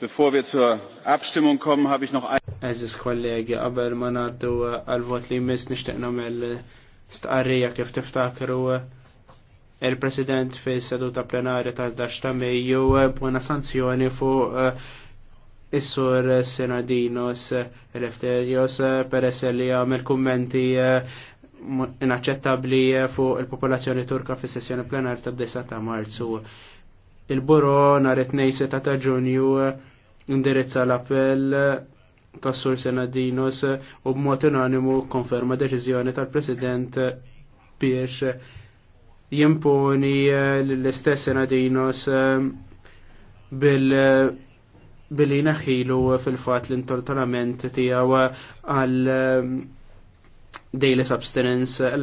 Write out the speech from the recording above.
Bevor wir zur Abstimmung kommen, habe ich noch ein... Aziz kollegi, qabel ma naddu uh, għal-vot li jmiss nishtiq nagħmel uh, stqarrija kif tiftakru uh, il-President fi seduta plenarja tal-11 ta' Mejju buna sanzjoni fuq is-sur Senadinos per peress li għamel kummenti inaċċettabbli fu il-popolazzjoni turka fis sessjoni plenarja tal 9 ta' Marzu. Il-buro nhar it-tnejn seta' ta' Ġunju indirizza l-appell ta' Sur Senadinos u b'mod unanimu konferma deċiżjoni tal-President biex jimponi eh, l-istess Senadinos eh, bil billi naħilu fil-fat l-intoltonament tijaw għal eh, daily substance